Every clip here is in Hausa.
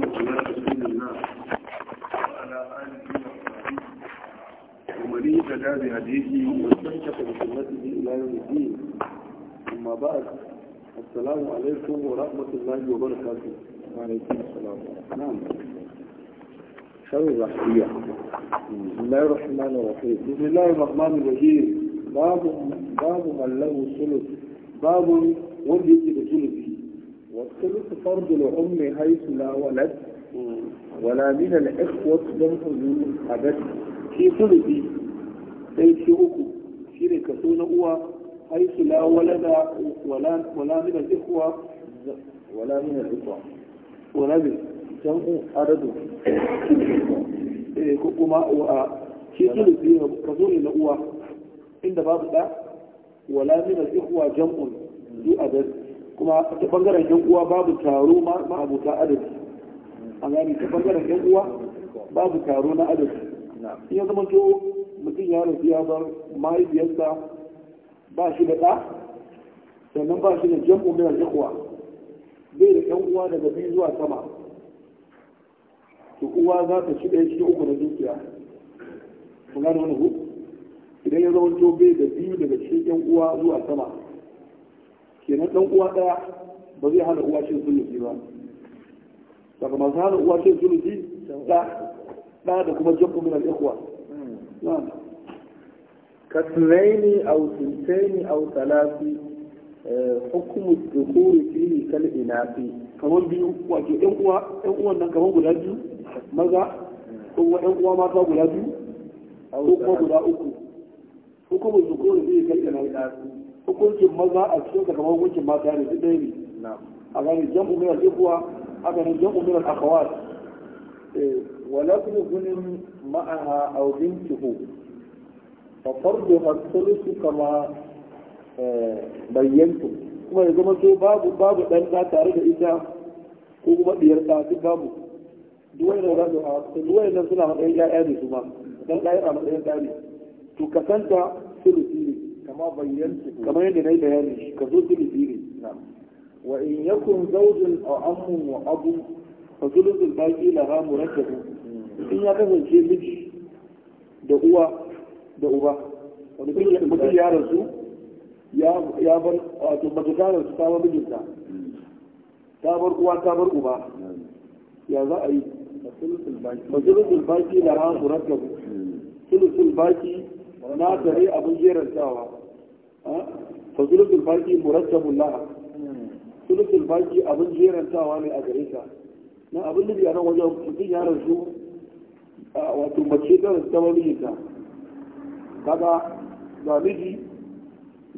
السلام عليكم ورحمة الله وبركاته وعليكم السلام نعم شر الرحمية بسم الله الرحمن الرحيم بسم الله الرحمن الرحيم باب باب من له ثلث باب wanda yake والثلث فرض الأم حيث لا ولد ولا من الإخوة لم تزول أبد في ثلثي sai shi uku shi ne kaso na uwa haisu la wala min al wala min al wala min jam'u aradu eh ko kuma wa shi sulusi kaso ne inda babu da wala min al jam'un du adad kuma ta bangaren yan uwa babu taro ma abota adadi a gani ta bangaren yan uwa babu taro na adadi in ya zama to mutum ya rufi ya bar mahaifiyarsa ba shi da ɗa sannan ba shi da jam'u mai al'ikuwa bai da yan uwa daga biyu zuwa sama to uwa za ta ci ɗaya cikin uku na dukiya kun gane wani hu idan ya zama to bai da biyu daga cikin yan uwa zuwa sama kenan dan uwa daya ba zai hana uwa cin zunubi ba daga masu hana uwa cin zunubi da da da kuma jabu min al-ikhwa kasraini aw sintaini aw talati eh, hukumu dukuri fihi kal inafi kamar biyu wato ɗan uwa ɗan uwan nan kamar guda biyu maza ko ɗan uwa mata guda biyu ko kuma guda uku hukumu dukuri fihi kal inafi hukuncin maza a cikin daga hukuncin mata ne duk ɗaya ne a gani jam'u min al-ikhwa a gani jam'u min al-akhawat eh, wala kullu gunin ma'aha a farko fa farduha su kama eh, bayyantu kuma ya zama so babu babu dan ta tare da ita ko kuma diyar ta duk babu duk wani da za a duk wani suna matsayin ƴaƴa ne su ma dan ɗaya a matsayin ɗaya ne to kasanta thuluthi كما بينت كما يدني يعني، بياني كزوج لزيري نعم وإن يكن زوج أم وأب فزوج الباقي لها مركب إن يكن زوج لج دعوة دعوة ونقول يا رسول يا يا آه، بر ثم تكار استوى بجدا تابر قوا تابر قوا يا ذا أي فزوج الباقي لها مركب فزوج الباقي ما تري أبو جيران تابر fa zulutul baqi murattabul laha zulutul baqi abin jerantawa ne a gare na abin da biya nan wajen mutum ya rasu wato mace ta rasu ta mamijinta ga miji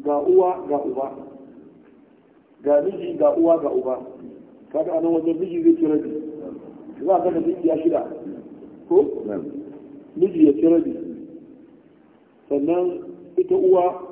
ga uwa ga uba ga miji ga uwa ga uba kaga anan wajen miji zai ci rabi za a ga miji ya shida ko miji ya ci rabi sannan ita uwa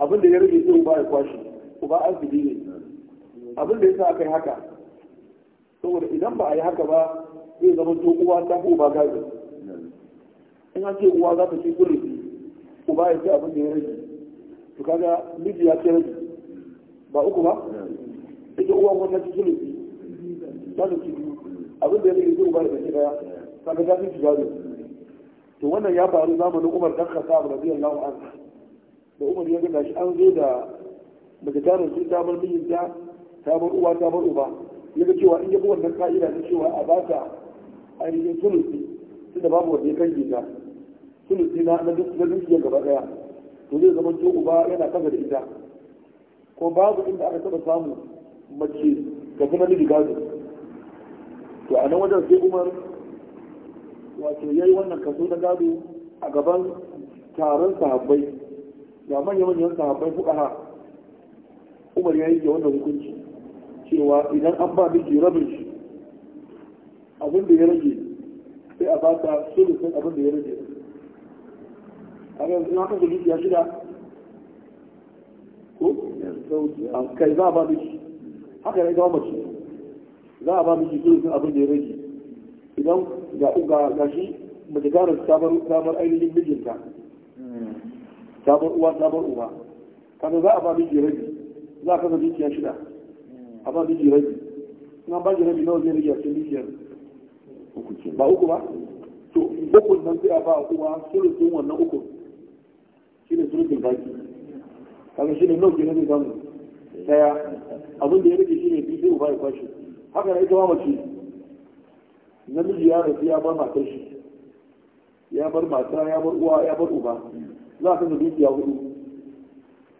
abin da ya rage sai uba ya kwashi uba an fi ne abin da ya sa aka yi haka saboda idan ba a yi haka ba zai zama to uwa ta fi uba gado in an ce uwa za ta ci sulusi uba ya ce abin da ya rage to kaga miji ya ce rage ba uku ba ita uwa kuma ta ci sulusi ta ci biyu abin da ya rage sai uba ya ci daya kaga ta ci gado to wannan ya faru zamanin umar dan khattab radiyallahu anhu da umar ya gana shi an zo da daga tarin sun damar mijinta ta bar uwa ta bar uba ya ga cewa in ya bi wannan ka'ida ta cewa a ba ta ainihin sulusi tunda babu wanda ya kange ta sulusi na na dukiyar gaba daya to zai zama to uba yana kasa da ita ko babu inda aka taba samu mace ga kuma miji gado to a nan wajen sai umar wato ya yi wannan kaso na gado a gaban taron sahabbai ga manya manyan sahabbai ha Umar ya yi yanke wannan hukunci cewa idan an ba miki rabin shi abin da ya rage sai a baka sulusun abin da ya rage a yanzu na kasa dukiya shida ko kai za a ba miki haka ya ga mace za a ba miki sulusun abin da ya rage idan ga shi mace ta rasu ainihin mijinta hmm. ta bar uwa ta bar za a ba miji rabi za ka zabi kiyar shida a ba miji rabi ba rabi nawa zai rage a cikin dukiyar ba uku ba to ukun nan sai a ba uwa sulusun wannan uku shi ne sulusun baki kaga shi ne nawa ke rabi zamu daya abin da ya rage shi ne biyu sai uba ya kwashe haka na ita ma mace namiji ya rasu ya bar matar shi ya bar mata ya bar uwa ya bar uba za a kasa ya hudu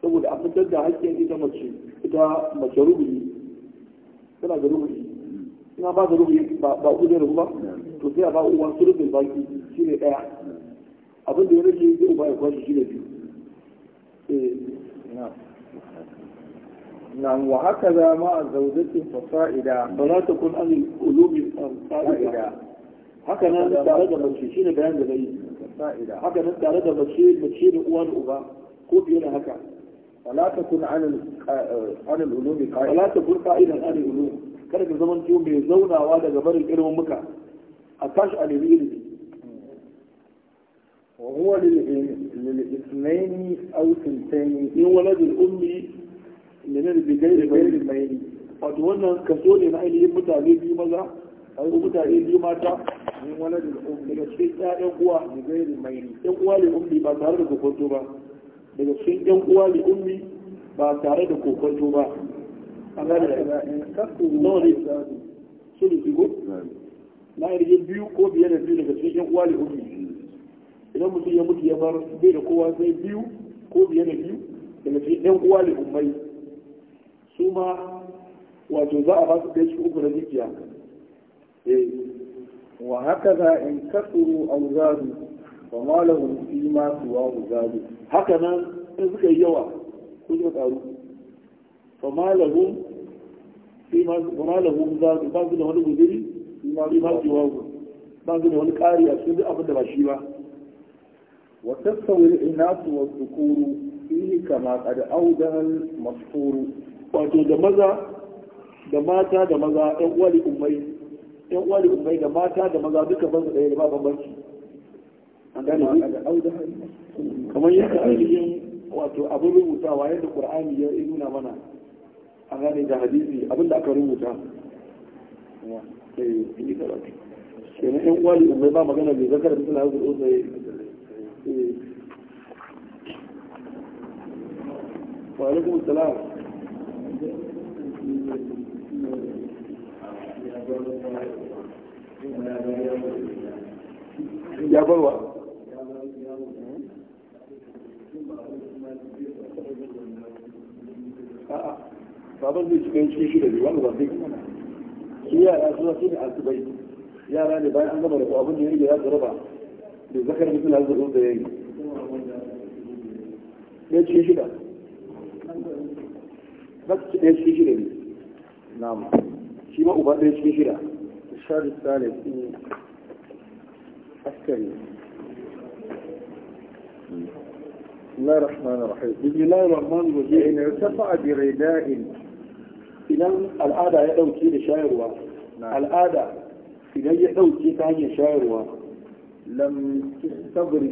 saboda a fitar da haƙƙin ita mace ita mace rubuyi tana da rubuyi ina ba da rubuyi ba uku da rubu ba to sai a ba uwa su rubin baki shi ne ɗaya abin da ya rage zai uba ya kwashe shi ne biyu نعم وهكذا مع زوجة فصائدة فلا عن فصائدة هكذا من بيان sa'ida haka nan tare da mace mace da uwa da uba ko fiye da haka wala kun anil eh, ulumi wala ta kun fa'idan anil ulumi kada ka zama to mai zaunawa daga barin ilimin muka a tashi a nemi ilimi وهو للاثنين او ثنتين من ولد الام da بغير غير الميل wato wannan kaso ne na ainihin mutane biyu maza ko mutane biyu mata min waladil um daga cikin uwa mai uwa ummi ba tare da kokonto ba daga cikin uwa ummi ba tare da kokonto ba ne su na biyu ko biyar da biyu daga cikin uwa ummi idan mutum ya mutu ya bar bai da kowa sai biyu ko biyar da biyu daga cikin uwa ummai su ma wato za a ba su ɗaya cikin uku na dukiya eh. وهكذا إن كثروا أو زادوا فما لهم فيما سواه زادوا هكذا إذك يوا كل قالوا فما لهم فيما وما لهم زادوا بعض لهم غدري فيما فيما سواه بعض لهم قاري أكيد أبدا بشيبا وتستوي الإناث والذكور فيه كما قد أودى المشكور وتو دمزا دماتا دمزا أول أمين yan uwa da musulmai da mata da maza duka ban su ɗaya da ba bambanci an gane kamar yadda ainihin wato abin rubutawa yadda qur'ani ya nuna mana an gane da hadisi abin da aka rubuta eh, kenan yan uwa da musulmai ba magana mai zakar da suna yau da tsotsai wa alaikum salam ya barwa ah, ah. baban zai cikin cikin shi da biyu wanda ba zai su su yara ne bayan an gama da abin da da zakar da ya yi shida ɗaya shida ne فيما أبرز في جرا الشهر الثالث أسكري إيه؟ بسم الله الرحمن الرحيم بسم الله الرحمن الرحيم إن ارتفع برداء إلى الأداء يأوتي لشاعر نعم. الأداء إذا يأوتي ثاني شاعر لم تستبر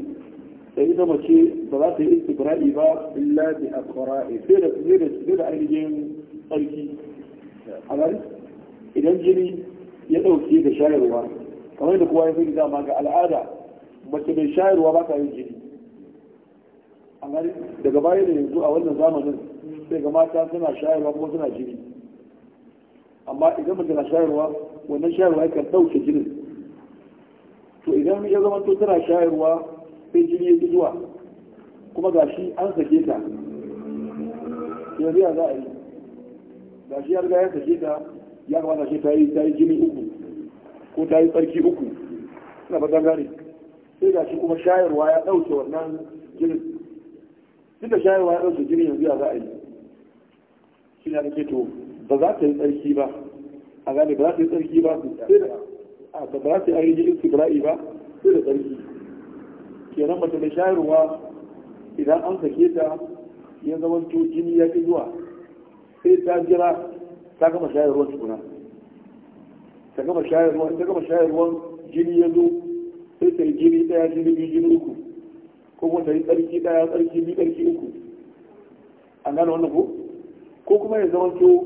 إذا ما شيء ثلاثة استبراء إبا إلا بأقراء فيرس فيرس فيرس أرجين أرجين نعم. على رسك idan jini ya ɗauki da shayarwa kamar da kowa ya fi dama ga al'ada mace mai shayarwa ba ta yin jini daga baya da yanzu a wannan zamanin sai ga mata suna shayarwa kuma suna jini amma idan mace na shayarwa wannan shayarwa yakan ɗauke jinin to idan ya zama to tana shayarwa sai jini ya zuwa kuma gashi an sake ta yanzu ya za a yi gashi ya riga ya sake ta ya kamata shi ta yi ta yi jini uku ko ta yi tsarki uku na ba gangare sai da shi kuma shayarwa ya ɗauke wannan jinin duk da shayarwa ya ɗauke jinin yanzu ya za a yi shi na kake to ba za ta yi tsarki ba a gane ba za ta yi tsarki ba sai da a ba za ta yi ainihin istibra'i ba sai da tsarki kenan mace mai shayarwa idan an sake ta ya zama jini ya fi zuwa sai ta jira ta gama shayarwar ruwan tukuna ta gama shayar ta gama shayar jini ya zo sai ta yi jini daya jini biyu jini uku ko kuma ta yi tsarki daya tsarki biyu tsarki uku an gane wannan ko ko kuma ya zama to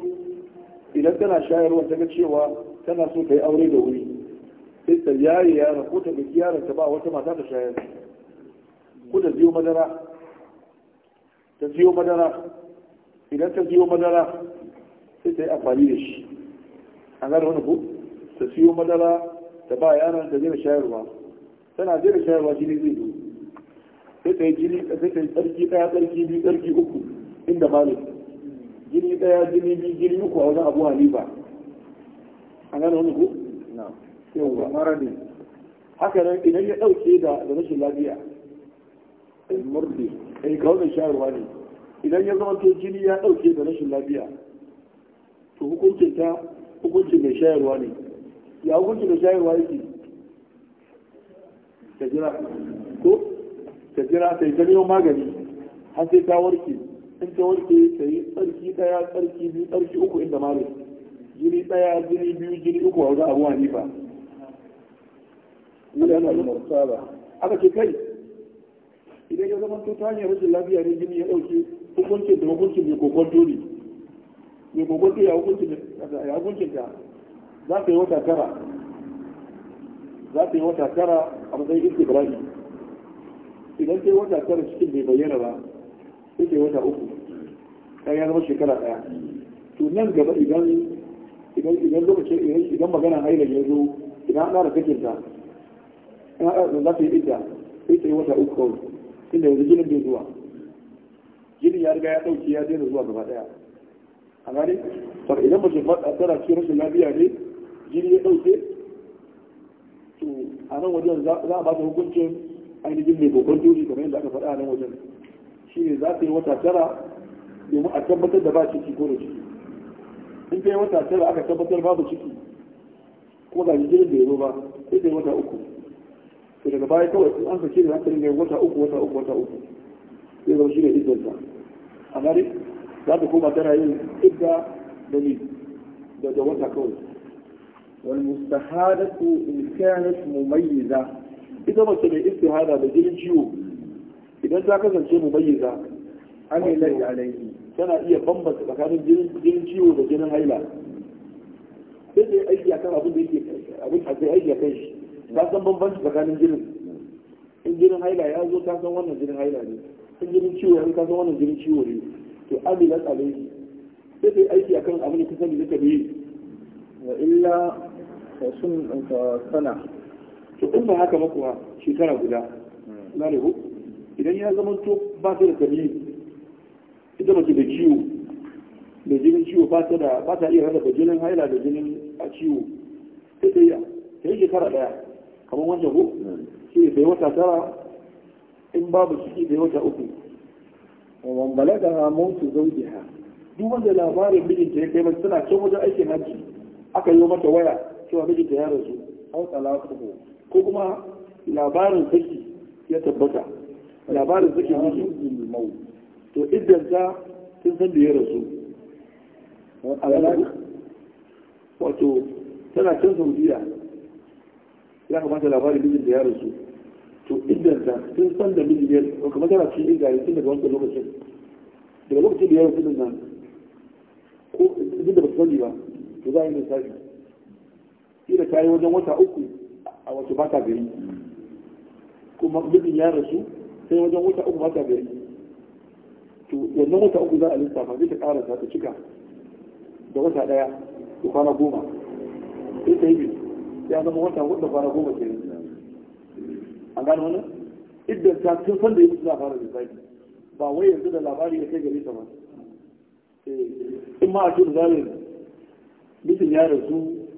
idan tana shayarwa ta ga cewa tana so ta yi aure da wuri sai ta yaye yara ko ta biki yaron ta ba wata mata ta shayar ko ta ziyo madara ta ziyo madara idan ta ziyo madara sai ta yi amfani da shi an gane wani ku ta siyo madara ta ba yaron ta zai shayarwa tana zai shayarwa jini zai zo sai ta yi jini sai ta yi tsarki ɗaya tsarki biyu tsarki uku inda ba ne jini ɗaya jini biyu jini uku a wajen abu hanifa an gane wani ku yawwa mara ne haka nan idan ya ɗauke da da rashin lafiya murdi eh ga wannan shayarwa ne idan ya zama to jini ya ɗauke da rashin lafiya to hukuncin ta hukuncin mai shayarwa ne ya hukuncin mai shayarwa yake ta jira ko ta jira ta yi ganyo magani har sai ta warke in ta warke ta yi tsarki daya tsarki biyu tsarki uku inda malu jini daya jini biyu jini uku a wajen abuwa ne ba wani yana yin marsala aka ce kai idan ya zama to ta hanyar rashin lafiya ne jini ya dauke hukuncin da hukuncin mai kokon dole mai gogon ya hukuncin ka za ka yi wata tara za ka yi wata tara a matsayin istibrani idan ka yi wata tara cikin bai bayyana ba sai ka yi wata uku ta ya zama shekara ɗaya to nan gaba idan idan idan lokacin idan idan magana hailar ya zo idan an ƙara kakin ta za ka yi idda sai ta yi wata uku kawai inda yanzu jinin bai zuwa jinin ya riga ya ɗauki ya daina zuwa gaba ɗaya a gane to idan mace matsa tana cikin rashin lafiya ne jini ya dauke to a nan wajen za a ba ta hukuncin ainihin mai babban doji kamar yadda aka faɗa a nan wajen shi ne za ta yi wata tara domin a tabbatar da ba ciki ko da ciki in ta yi wata tara aka tabbatar babu ciki ko ga jinin da ya zo ba sai ta yi wata uku to daga baya kawai in an sake da za ta ringa wata uku wata uku wata uku sai zama shi ne iddanta a gane za ta koma tana yin idda da ni da da wata kawai wal mustahadatu in kanat mumayyiza ita mace mai istihada da jirin ciwo idan ta kasance mumayyiza an yi lai alaihi tana iya bambanta tsakanin jirin ciwo da jinin haila sai dai aiki akan abin da yake abin a sai aiki kai shi ta san bambanci tsakanin jirin in jirin haila ya zo ta san wannan jirin haila ne in jirin ciwo ya ta san wannan jirin ciwo ne to amilat shi sai ta aiki aiki akan abin da ta sani zaka biyu wa illa ka sun sana to in ba haka makuwa shekara guda na hmm. ne idan ya zama to ba ta da tabi ita mace da ciwo da jinin ciwo ba ta da ba ta iya rarraba jinin haila da jinin a ciwo sai ta iya ta yi shekara daya kamar wancan ko hmm. sai ta yi wata tara in babu ciki yi wata uku wa man ha mutu zaujiha duk wanda labarin mijinta ya kai mata suna can wajen aikin hajji aka yi mata waya cewa ta ya rasu au talaquhu ko kuma labarin saki ya tabbata labarin saki ne mau to idan ta sun san da ya rasu wato tana can saudiya ya kamata labarin mijinta ya rasu to inganta sun san da miji ya kuma tana cikin yi tun daga wancan lokacin daga lokacin da ya rufe nan ko duk da ba sani ba to za a yi lissafi ina ta yi wajen wata uku a wasu ba ta gari kuma mijin ya rasu sai wajen wata uku ba ta gari to wannan wata uku za a lissafa zai ta karasa ta cika da wata daya da kwana goma sai ta yi ya zama wata hudu da kwana goma yi A gane wannan idan ta tun san da yi mutu za a fara lissafi ba wai yanzu da labari ya kai gare ta ba eh, in ma a cikin misalin mutum ya rasu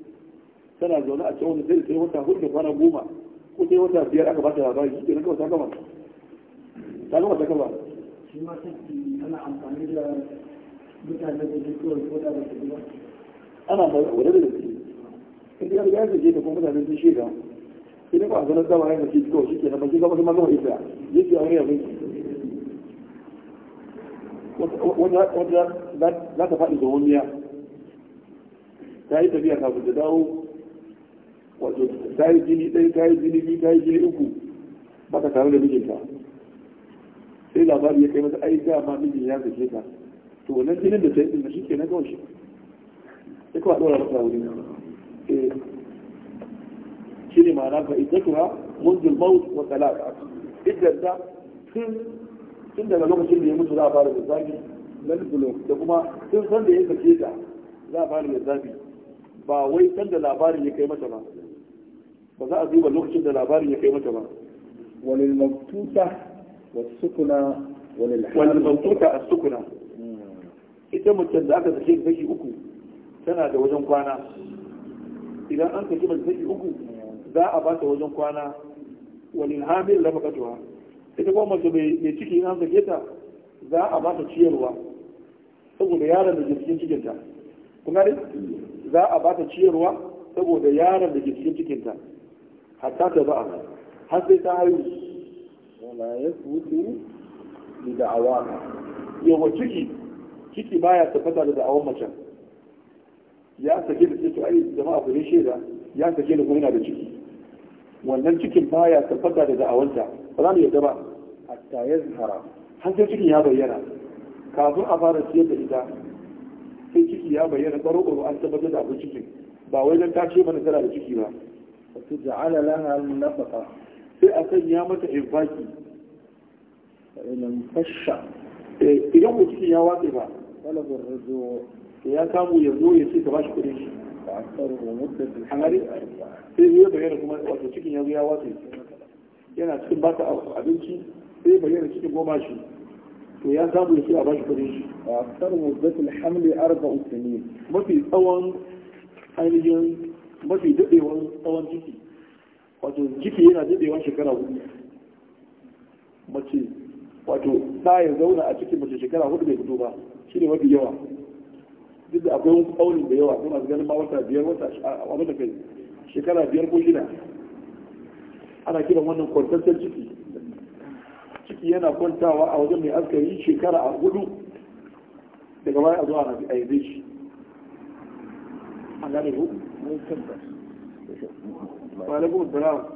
tana zaune a cewa sai sai wata hudu da kwana goma ko sai wata biyar aka bata labari shi kenan kawai ta gama ta gama ta gama shi ma sai ana amfani da mutane da ke kawai ko da ba su ba ana amfani da wadda da su in ka ga ya ce ta kuma mutane sun shaida idan ba a sanar da bayan da ke shi ke na bakin gaba kuma ma ita ya ce wani abin wata za ta faɗi domin miya ta yi tafiya kafin ta dawo wato ta yi jini ɗaya ta yi jini biyu ta yi jini uku ba ta tare da mijinta sai labari ya kai masa ai ma mijin ya zake ta to wannan jinin da ta yi ɗin shi ke na kawai ya kawai ɗora masa wuri shi ne ma'ana ga iddatuha munzul maut wa talaq iddata tun tun daga lokacin da ya mutu za a fara lissafi lal buluk da kuma tun san da ya kace ta za a fara zafi. ba wai san da labarin ya kai mata ba ba za a duba lokacin da labarin ya kai mata ba walil mabtuta والسكنى والمنطوقة السكنى ita mutum da aka sake saki uku tana da wajen kwana idan an saki mace saki uku za a ba ta wajen kwana wani hamil da bakatuha ita kuma mace mai ciki in an zage ta za a ba ta ciyarwa saboda yaron da ke cikin cikinta kuma ne za a ba ta ciyarwa saboda yaron da ke cikin cikinta hatta ta ba a ba'a har sai ta haihu wala yasbutu da da'awa yawa ciki ciki baya tabbata da da'awar macen ya sake da ce ai jama'a ku shaida ya sake da kuma da ciki wannan cikin baya tabbata da da'awanta ba za mu yadda ba A ya zahara har sai cikin ya bayyana kafin a fara siyar da ita sai ciki ya bayyana baro an tabbatar da abin cikin ba wai dan ta ce mana tana da ciki ba A wato ja'ala laha nafaqa sai a ya mata infaki eh, idan fasha idan mutum ya watsa ba wala gurrudu ya samu ya zo ya ce ka bashi kudin shi sai ya bayyana kuma wato cikin ya ya wasu yana cikin baka abinci sai ya bayyana cikin goma shi to ya samu ya a bashi kudin shi a tsar muddatul hamli arba usani mafi tsawon ainihin mafi daɗewar tsawon ciki wato ciki yana daɗewar shekara hudu mace wato ɗaya zauna a cikin mace shekara hudu bai fito ba shi ne mafi yawa duk da akwai wasu ƙaunin da yawa suna ganin ma wata biyar wata a wata kai shekara biyar ko shida ana kiran wannan kwantaccen ciki ciki yana kwantawa a wajen mai askari shekara a hudu daga baya a zuwa a yanzu shi an gane ku? Malaikun Brown.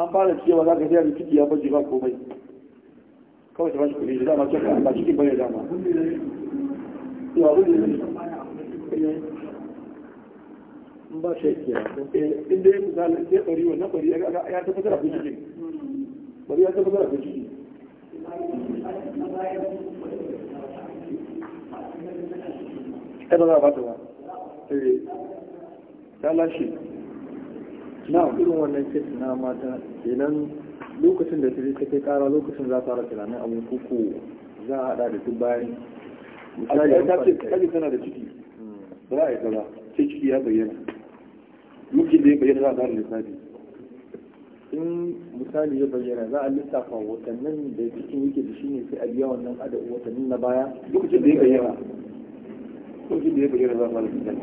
an fara cewa za ka ji da ciki ya baje ba komai kawai ta bashi kuɗi da dama kyau ba cikin bane dama yawa wani ne ba shi ke inda ya eh, misali ya ɗari wannan ɗari ya tabbatar abin cikin ɗari ya tabbatar abin cikin ai ba za a ba ta ba eh, ta lashe na irin wannan kes na mata kenan lokacin da ta je ta kai kara lokacin za fara tunanin abin koko za a hada da duk bayan misali ta ce kaji tana da ciki ba za a yi kaza ce ciki ya bayyana mijin da ya bayyana za a fara lissafi in misali ya bayyana za a lissafa watannin da cikin yake da shi ne sai a biya wannan adadin watannin na baya lokacin da ya bayyana lokacin da ya bayyana za a fara lissafi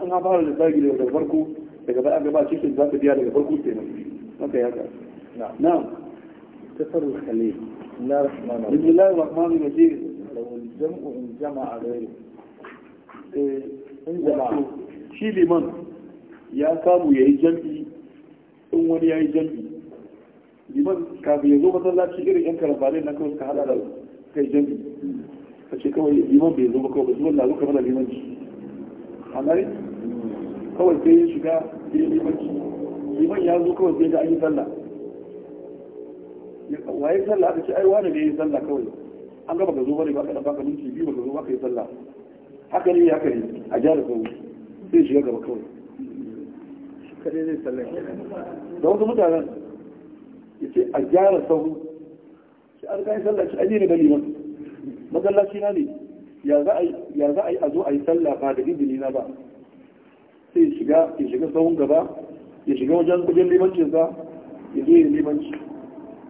an ha fara da zagi daga farko daga bayan gaba cikin za ka biya daga farko kenan haka ya ga na'am tasarruf khalil بسم الله الرحمن الرحيم لو الجمع ان جمع غيره in jama'a shi liman ya samu ya yi jam'i in wani ya yi jam'i liman kafin ya zo masallaci irin yan karambalin na kawai suka hada da kai jam'i ka ce kawai liman bai zo ba kawai zuwan lazo ka mana limanci amma kawai sai ya shiga sai limanci liman ya zo kawai sai ga an yi sallah waye sallah aka ce ai wani ne ya yi sallah kawai an gaba ka zo bane ba ka dan baka minti biyu ba ka zo ba ka yi sallah haka ne haka ne a jihar kawai sai shiga gaba kawai kadai zai sallah da wasu mutanen ya ce a gyara sau sai an kai sallah shi an yi ne da liman masallaci na ne ya za a yi a zo a yi sallah ba da izini na ba sai ya shiga ya shiga tsawon gaba ya shiga wajen kujin limancin ya zo ya limanci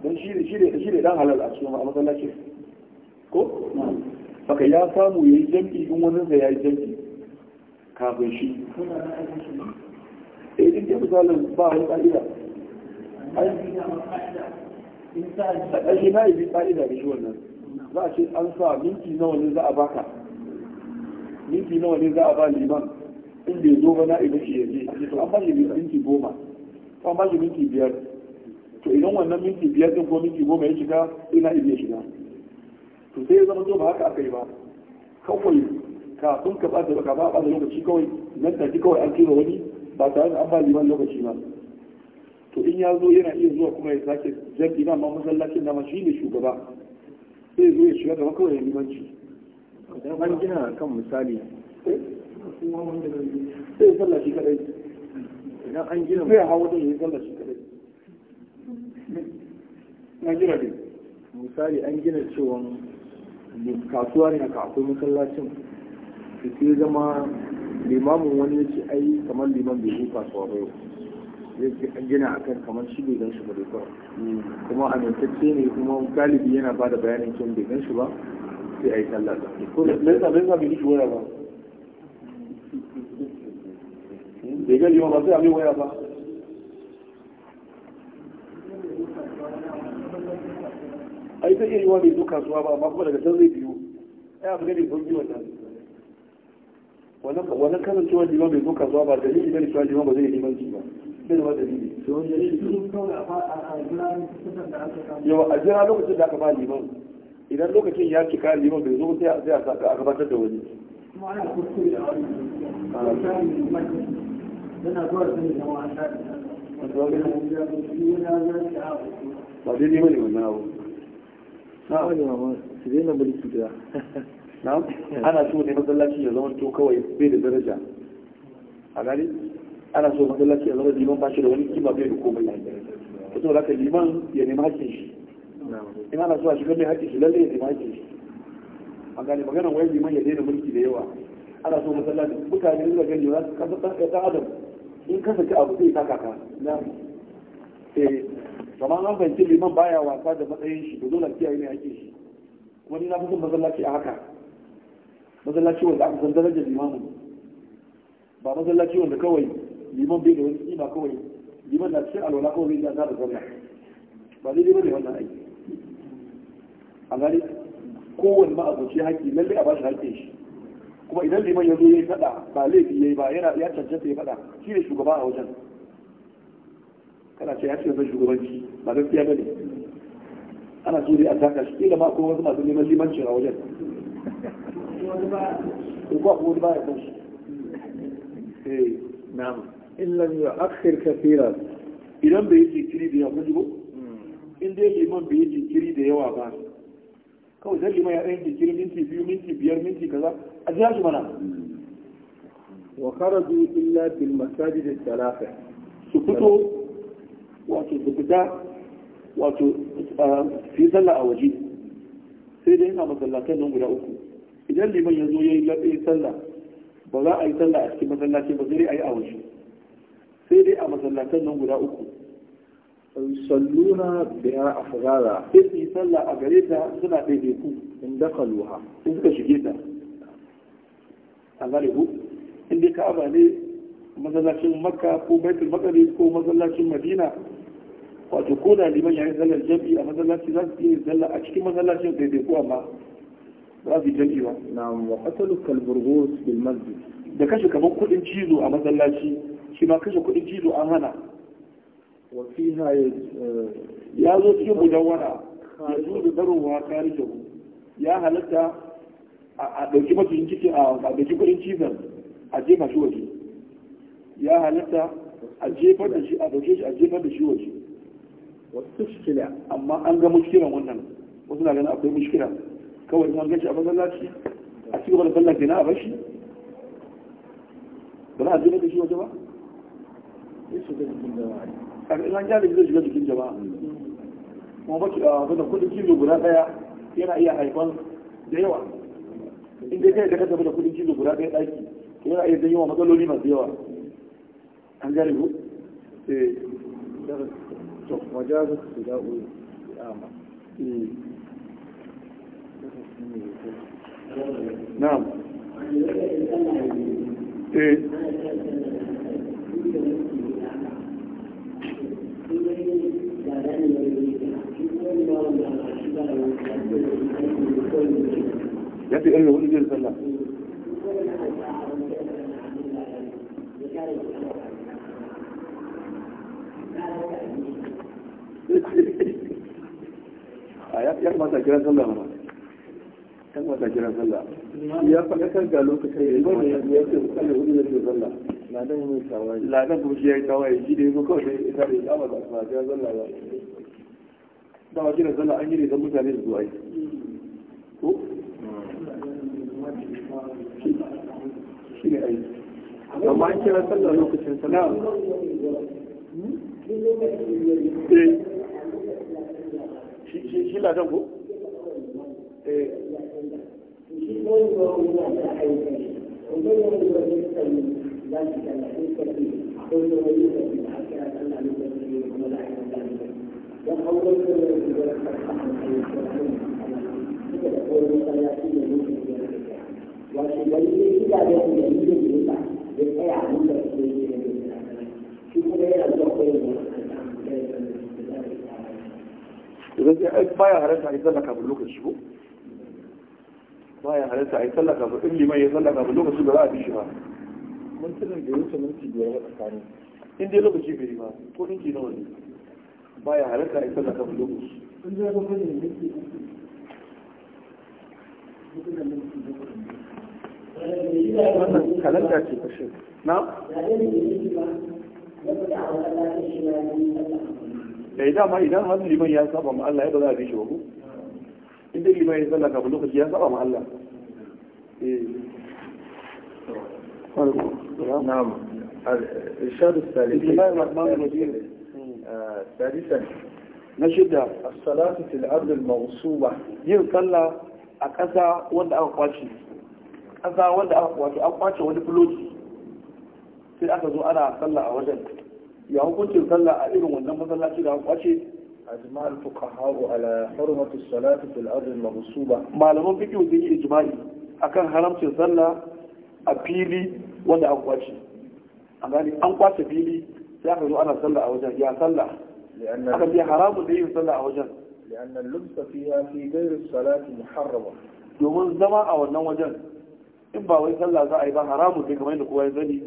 don shi ne shi ne dan halal a cikin a masallaci ko baka ya samu ya yi jam'i in wani da ya yi jam'i kafin shi eh din da misalin ba a A yi wani ka'ida ai shi na yi ka'ida da shi wannan za a ce an sa minti nawa ne za a baka minti nawa ne za a ba liman in bai zo ba na idan shi a to an ba shi minti goma ko an ba shi minti biyar to idan wannan minti biyar din ko minti goma ya shiga ina iya shiga to sai ya zama zo ba haka aka yi ba kawai kafin ka ba ka ba ba lokaci kawai nan ta ji kawai an kira wani ba tare da an ba liman lokaci ba to in ya zo yana iya zuwa kuma ya sake jan imam ma masallacin da ma ne shugaba sai zo shiga gaba kawai ya limanci an gina kan misali sai sallah shi kadai idan an gina sai hawa da yi sallah shi kadai na gina dai misali an gina cewa kasuwa ne haka akwai masallacin sai zama limamin wani ya ce ai kamar liman bai zo kasuwa ba yau gina a kan kamar shi bai gan shi ba dai kawai kuma amintacce ne kuma galibi yana ba da bayanin kyan bai gan shi ba sai a yi sallah ba ko da yasa bai bai shi waya ba bai ga liman ba sai a mai waya ba ai zai iya yi wa mai zo kasuwa ba amma kuma daga can zai biyu ai abu gani sauki wannan wannan kasancewar liman bai zo kasuwa ba da dalili ne cewa liman ba zai yi limanci ba yawa a jira lokacin da aka ba liman idan lokacin ya cika liman bai zo sai a saka a gabatar da wani ba na su mulki da na ana so ne masallaci ya zama to kawai bai da daraja a ana so masallaci a zama liman ba shi da wani kima bai ya yi ta so zaka liman ya nemi hakkin shi in ana so a shiga mai hakkin shi lalle ya nemi hakkin shi a gane maganan wani liman ya daina mulki da yawa ana so masallaci mutane da gani za su kasa ɗan adam in ta abu zai taka ka eh kamar an fahimci liman baya wasa da matsayin shi da dole kiyaye ne ke shi Wani na fi son masallaci a haka masallaci wanda aka san darajar limanin ba masallaci wanda kawai liman bai da wani kima kawai liman na cikin alwala kawai zai da sallah ba zai bane wannan aiki a gani kowane haƙƙi lalle a bashi haƙƙin shi kuma idan liman ya zo ya yi faɗa ba laifi ya yi ba yana ya cancanta ya faɗa shi ne shugaba a wajen kana ce ya ce zan shugabanci ba gaskiya ba ne ana so dai a taka shi kila ma kuma wasu masu neman limancin a wajen ko kuma ko ba ya san shi eh, in lam yu'akhir kaseeran idan bai yi jinkiri da yawa kun ji in dai liman bai yi jinkiri da yawa ba kawai zai liman ya ɗan jinkiri minti biyu minti biyar minti kaza a jira shi mana wa kharaju illa bil masajid al-thalatha su fito wato su fita wato fi sallah a waje sai dai yana masallatan nan guda uku idan liman ya zo yayi labe sallah ba za a yi sallah a cikin masallaci ba sai a yi a waje sai dai a masallatan nan guda uku salluna biha afghara sai su yi sallah a gare ta suna ɗaiɗaiku in dakaluha in suka shige ta a gane ku in dai ka'aba ne masallacin makka ko baitul makari ko masallacin madina wato ko da liman yayin sallar jam'i a masallaci za su iya sallah a cikin masallacin ɗaiɗaiku amma ba su jam'i ba na wa qatalu kal bil masjid da kashe kaman kudin cizo a masallaci shi kashe kuɗin jizo an hana ya وفيها يا زوج مدونة يجوز ضرورها ya halatta a ɗauki mafi ciki a ɗauki kudin cizon a jefa shi waje ya halatta a jefar da shi a ɗauke shi a jefar da shi waje wasu shikila amma an ga mushkilan wannan wasu na ganin akwai mushkila kawai in an gaci a masallaci a cikin wani sallah kenan a bashi ba za a jefar da shi waje ba zai an gyara zai shiga jikin jama'a kuma baki a wanda kudin kilo guda daya yana iya haifan da yawa in dai kai da ka da kudin kilo guda daya daki yana iya janyo matsaloli masu yawa an gyara ku eh wajaza su da'u na'am eh ya fi ɗaya wani jin sallah ya sallah ba ya kamata sallah ya faɗa kan ga lokacin da ya wani jin sallah ladan tawaye kuma shi ya yi tawaye shi da ya kawai da ya tare ya ba da asma ya zalla ba da wa kira zalla an yi ne don mutane su zuwa yi ko shi ne aiki amma an kira sallah lokacin sallah eh. shi ladan ko eh shi ba wani wani da aiki ذلك الحديث فيه قلت وليس حتى ان عليك فيه وملائكه ذلك وقول الكريم ولقد حق وشبيه إلى يوم يجب يسعى بالحياة عن تسليم في كل الوقت idan sai ai baya halarta a yi sallah kafin lokaci ko baya halarta a yi sallah kafin in liman ya sallah kafin lokaci ba za a bi shi ba mintunan da wuce minti biyar a tsakanin in dai lokaci bai ba ko ɗinki nawa ne baya halarta ya saka kafin lokaci in dai ba bane ne wannan kalanda ce fashe na? da eh, ya dama idan har liman ya saba ma Allah ya ba za a bi shi ba ku in liman ya sallaka kafin lokaci ya saba ma Allah eh نعم الإرشاد الثالث بسم الرحمن الرحيم ثالثا نشد الصلاة في الأرض الموصوبة يو كلا أكذا ƙasa أقواتي أكذا kwace أقواتي أقواتي aka kwace في أكذا أنا fuloji sai يو كنت ana sallah a wajen ya hukuncin أجمع الفقهاء على حرمة الصلاة في الأرض المغصوبة معلومة بكي وزي إجماعي أكان حرمت الصلاة a fili wanda an kwace an gani an kwace fili sai aka zo ana sallah a wajen ya sallah aka ce haramun da yin sallah a wajen domin zama a wannan wajen in ba wai sallah za a yi ba haramun sai kamar yadda kowa ya zani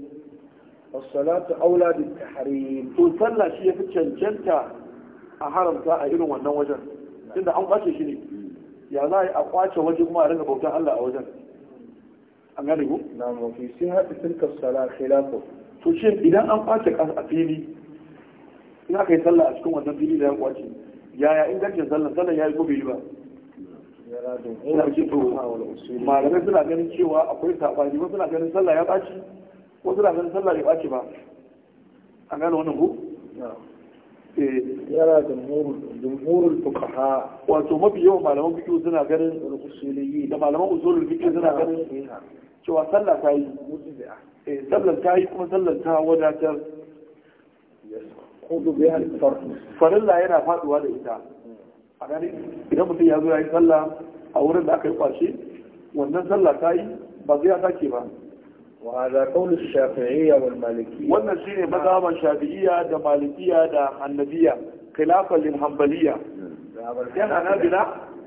as-salatu aula bi tahrim to sallah shi yafi cancanta a haramta a irin wannan wajen tunda an kwace shi ne ya za a a kwace waje kuma a rinka bautar Allah a wajen an gane ku na mafi sai haɗe tilka sala khilafu to shi idan an kwace ƙasa a fili in aka yi sallah a cikin wannan fili da ya kwace yaya in ingancin sallah sallah ya yi ko bai ba malamai suna ganin cewa akwai saɓani wasu na ganin sallah ya ɓaci wasu na ganin sallah ya ɓaci ba an gane wannan ku eh. yara jumhurul fuqaha wato mafi yawan malaman fiqh suna ganin usuliyyi da malaman usulul fiqh suna ganin cewa sallah ta yi eh, sallar ta yi kuma sallar ta wadatar farilla yana faduwa da ita a gani idan mutum ya zo ya yi sallah a wurin da aka yi kwashe wannan sallah ta yi ba zai ya sake ba وهذا قول الشافعية والمالكية والنسين مذهب الشافعية ده مالكية ده النبية خلافا للحنبلية ذهب الحنابلة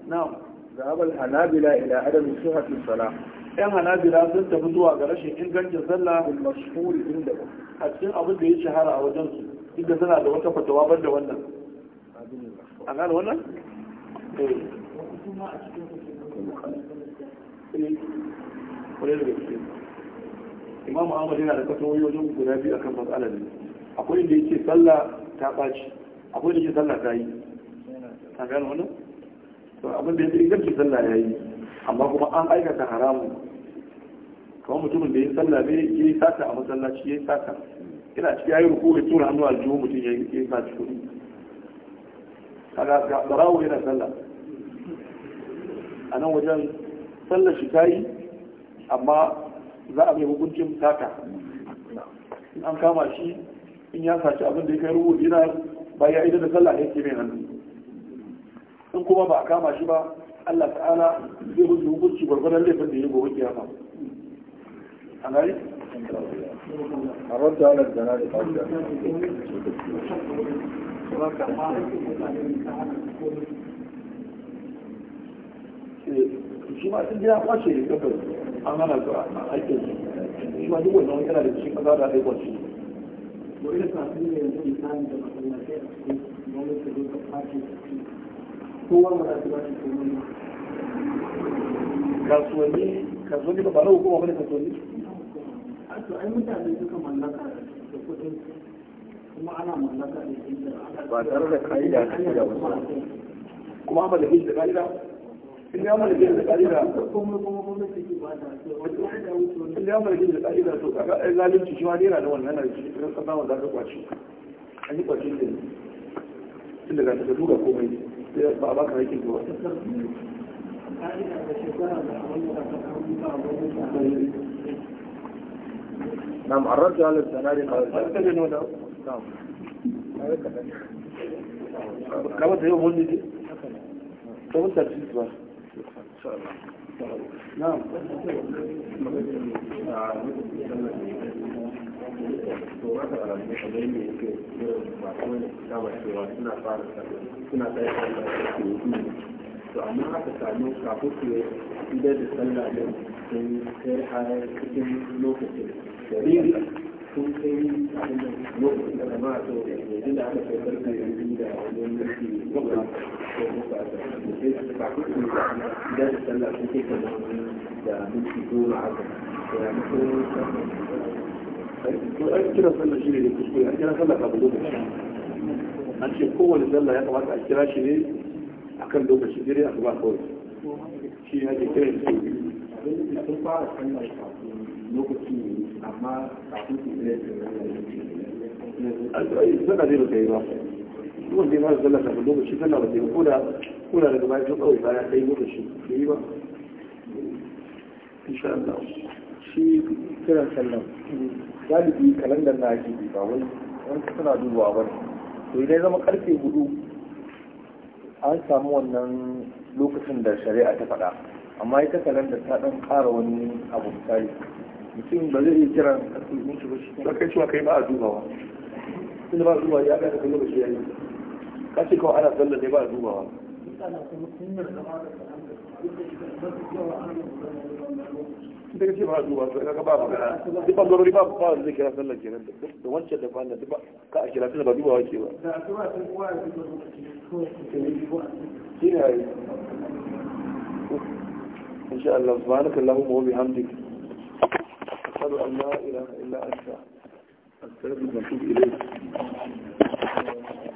نعم ذهب الحنابلة إلى عدم صحة الصلاة yan hanabila sun tafi zuwa ga rashin ingancin sallah mashhur inda a cikin abin da ya shahara a wajen su inda suna da wata fatawa ban da wannan a gane wannan eh. Eh. imam ahmad yana da wayo wajen guda biyu akan matsalar ne akwai inda yake sallah ta ɓaci akwai inda yake sallah ta yi a gano wannan to abin da ya ce ingancin sallah ya yi amma kuma an aikata haramun kamar mutumin da ya sallah ne ya yi sata a masallaci ya yi sata ina ciki ya yi ruku ya tura hannu aljihu mutum ya yi sata kuɗi kaga ga barawo yana sallah a nan wajen sallar shi ta yi amma za a mai hukuncin sata in an kama shi in ya saci abin da ya kai rubu dinar bayan ya idan da sallah ne ke mai hannu in kuma ba a kama shi ba Allah ta'ala zai hukunci hukunci gwargwadon laifin da ya gobe kiyama a gari a ranta ala da na da fasiya eh, shi ma sun gina kwashe ne kafin an hana su a aikin su shi ma duk wannan yana da cikin kasa da aikon shi wani sa sun yi yanzu misali da masallatai a cikin gwamnati da ta fashe kowa ma za su ba shi komi kasuwanni kasuwanni ba bara hukuma bane kasuwanni a to ai mutane suka mallaka da kuɗin kuma ana mallaka da inda ba tare da ka'ida yi da ba kuma amma da bin da ka'ida in ya mana bin da ka'ida kuma kuma kuma take ba da in ya mana bin da ka'ida to kaga ai zalunci shi ma yana da wannan rashi ran kasa wanda ka kwace an yi kwace din tun daga ta duka komai ba ba ka rikin zuwa نعم عرضت على السناري نعم كما تهيو مولي دي كما تهيو مولي نعم to amma aka samu kafin su idar da sallah din sun kai har cikin lokacin shari'a sun kai abin da lokacin da jama'a to yanzu da aka kai karfe yanzu da wani yanki gwamna ko kafin su da sallah sun kai kamar da minti goma haka ya to ai kira sallah shine ne kuskure a kira sallah kafin lokaci an ce kowane sallah ya kamata a kira shi ne akan lokaci dire a gaba kawai shi ne ake kira shi sun fara sallah lokaci ne amma kafin su kira shi ne sallah zai yi ba duk wanda fara sallah kafin lokaci sallah bata yi ba koda kuna daga bayan sun kawai baya ɗaya lokaci bai yi ba insha Allah shi kiran sallah galibi kalandar na ake ba wai wani suna dubawa ba to idan zama karfe hudu an samu wannan lokacin da shari'a ta faɗa amma ita kalandar ta ɗan ƙara wani abu misali mutum ba zai iya kiran karfe hudu shi ba shi kuma kai cewa kai ba a dubawa tun ba a dubawa ya ɗaga kai lokaci ya yi ka kawai ana sallar ne ba a dubawa. da kace ba duba to kaga ba magana duk bangarori ba ba wanda kira sallar kenan da wancan da fannin duk ka a kira sallar ba duba wake ba da asuba sai kowa ya duba lokaci shine ai إن شاء الله سبحانك اللهم وبحمدك أشهد أن لا إله إلا أنت أستغفرك وأتوب إليك